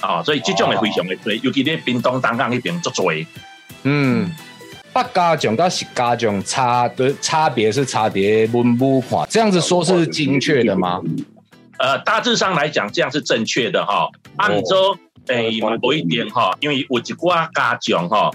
啊、哦，所以這種係非常多，哦、尤其在屏東東港那邊最多。嗯，八、啊、家將同十家將差，的差別是差別唔唔大。這樣子說是精確的嗎？嗯、呃，大致上來講，這樣是正確的哈、哦。按照誒，嗯欸、我不一定哈、哦，因為有一掛家將哈、哦。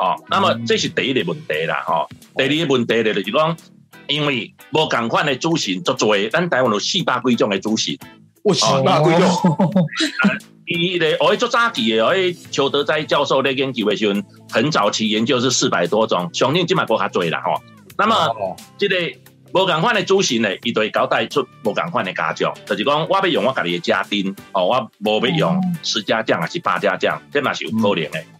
哦，那麼這是第一個問題啦，嗬、哦。嗯、第二個問題咧就是講，因為無共款嘅主神作罪，咱台灣有四百幾種的主神，四百幾種，佢咧可以作揸記嘅，可以。丘德齋教授咧研究的時候很早期研究是四百多種，相信即咪過較濟啦，嗬、哦。哦、那麼即個無共款嘅主神咧，佢對交代出無共款的家教，就是講我要用我家的家丁，哦，我無必用十家將還是八家將，咁嘛是有可能的。嗯